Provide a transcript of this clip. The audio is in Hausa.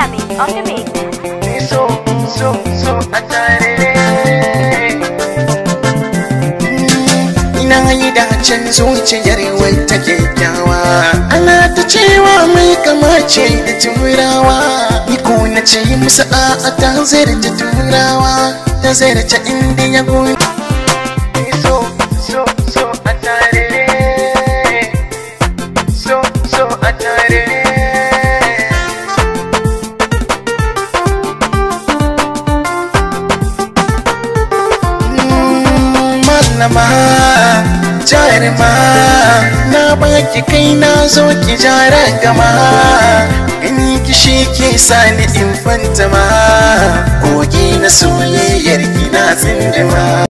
Lami on the mix. So, so, so a tare. Mm, ina yi da can zuciyar wata kyakkyawa. Ana ta cewa mai kamace da turawa. Iko na ce musu ta zarce turawa. Ta zarce inda ya so so so a tare. So so a tare. sallama ma na baki kai na zo ki jara gama gani shi ke sani in fantama kogi na soyayyar ki na tsindima